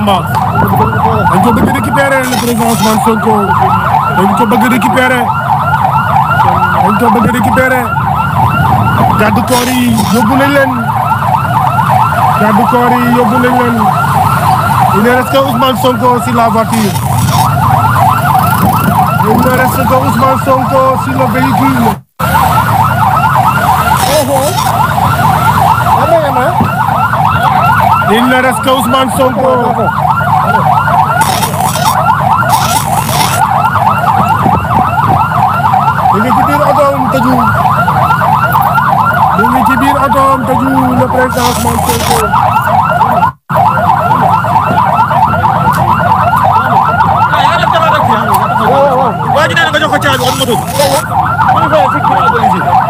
Bamba dañ ko bëgg pere, le président Ousmane Sonko dañ que bëgg récupérer dañ que bëgg récupérer gàddu koor yi yóbbu nañ leen gàddu koor yi yóbbu nañ leen il ne reste que Ousmane Sonko sur la voiture il ne reste que Ousmane Sonko sur le véhicule intéresse que Ousmane Sonko. mu ngi ci biir otoom tëju. mu ngi ci biir otoom tëju le président waa ji nee na nga jox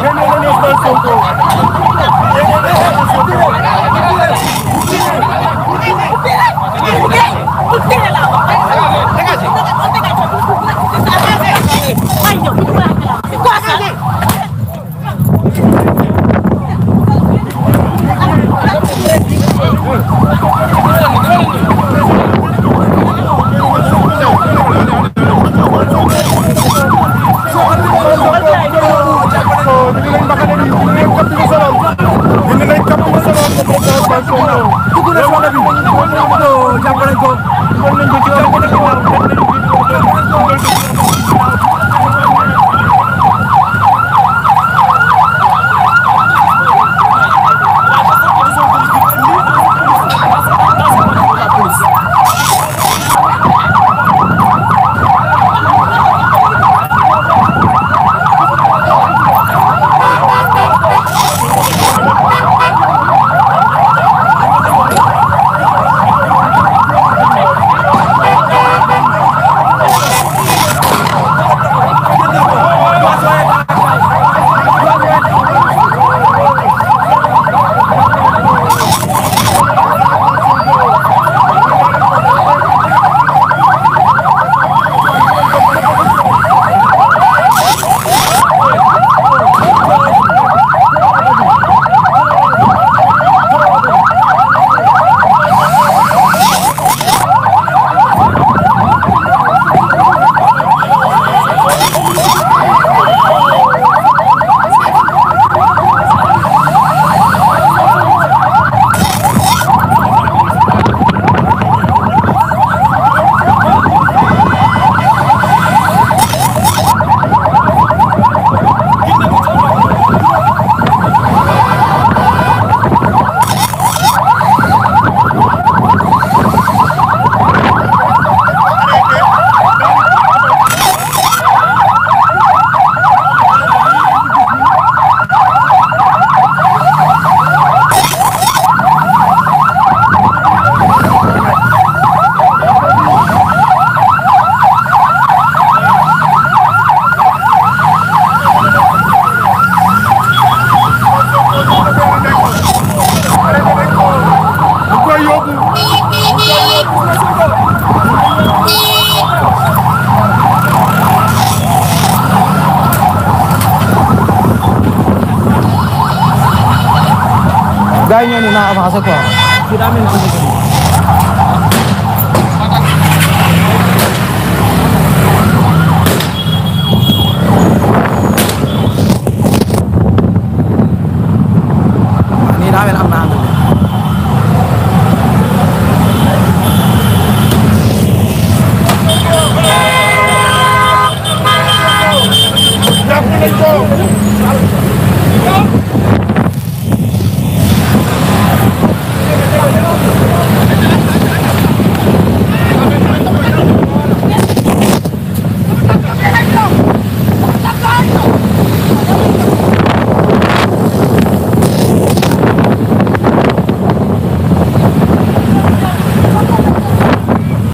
快点！jàpp nañ ko. kayaknya ini nak masuk kita Tidak